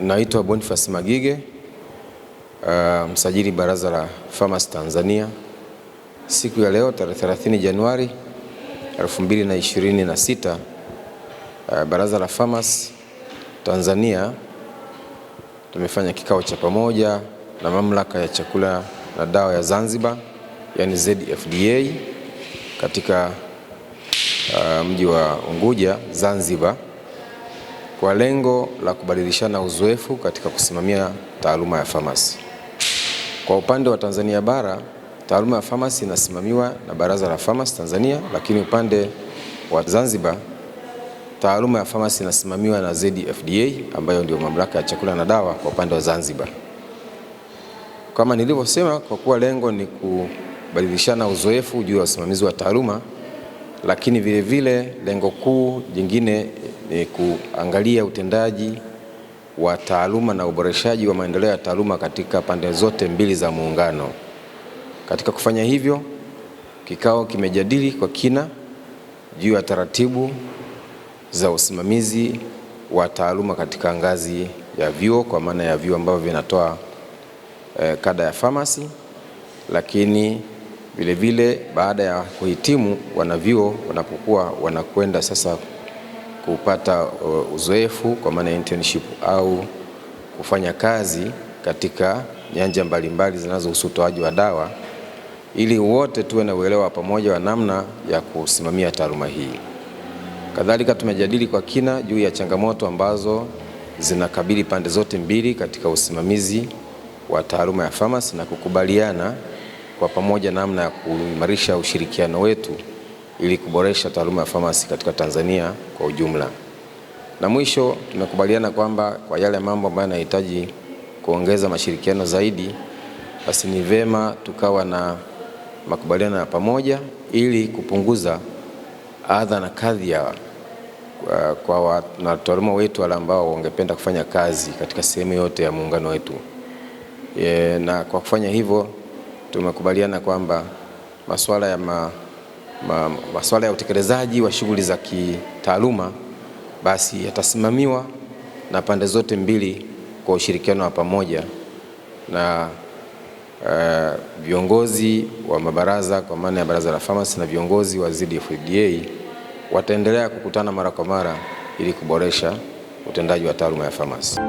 Naitwa Boniface Magige, uh, msajili baraza la Famasi Tanzania. Siku ya leo tarehe 30 Januari 2026 uh, baraza la Famasi Tanzania tumefanya kikao cha pamoja na mamlaka ya chakula na dawa ya Zanzibar yani ZFDA katika uh, mji wa Unguja Zanzibar kwa lengo la kubadilishana uzoefu katika kusimamia taaluma ya famasi. Kwa upande wa Tanzania bara, taaluma ya famasi inasimamiwa na Baraza la Famasi Tanzania, lakini upande wa Zanzibar taaluma ya famasi inasimamiwa na ZFDA ambayo ndio mamlaka ya chakula na dawa kwa upande wa Zanzibar. Kama nilivyosema, kwa kuwa lengo ni kubadilishana uzoefu juu ya usimamizi wa taaluma, lakini vilevile lengo kuu jingine ni kuangalia utendaji wa taaluma na uboreshaji wa maendeleo ya taaluma katika pande zote mbili za muungano. Katika kufanya hivyo, kikao kimejadili kwa kina juu ya taratibu za usimamizi wa taaluma katika ngazi ya vyuo, kwa maana ya vyuo ambavyo vinatoa eh, kada ya pharmacy, lakini vilevile baada ya kuhitimu wanavyuo wanapokuwa wanakwenda sasa kupata uh, uzoefu kwa maana ya internship au kufanya kazi katika nyanja mbalimbali zinazohusu utoaji wa dawa ili wote tuwe na uelewa wa pamoja wa namna ya kusimamia taaluma hii. Kadhalika, tumejadili kwa kina juu ya changamoto ambazo zinakabili pande zote mbili katika usimamizi wa taaluma ya famasi na kukubaliana kwa pamoja namna ya kuimarisha ushirikiano wetu ili kuboresha taaluma ya famasi katika Tanzania kwa ujumla. Na mwisho tumekubaliana kwamba kwa yale mambo ambayo yanahitaji kuongeza mashirikiano zaidi, basi ni vema tukawa na makubaliano ya pamoja ili kupunguza adha na kadhi ya kwa wanataaluma wetu wale ambao wangependa kufanya kazi katika sehemu yote ya muungano wetu. E, na kwa kufanya hivyo tumekubaliana kwamba masuala ya ma, masuala ya utekelezaji wa shughuli za kitaaluma basi yatasimamiwa na pande zote mbili kwa ushirikiano wa pamoja na uh, viongozi wa mabaraza kwa maana ya baraza la famasi na viongozi wa ZFDA wataendelea kukutana mara kwa mara ili kuboresha utendaji wa taaluma ya famasi.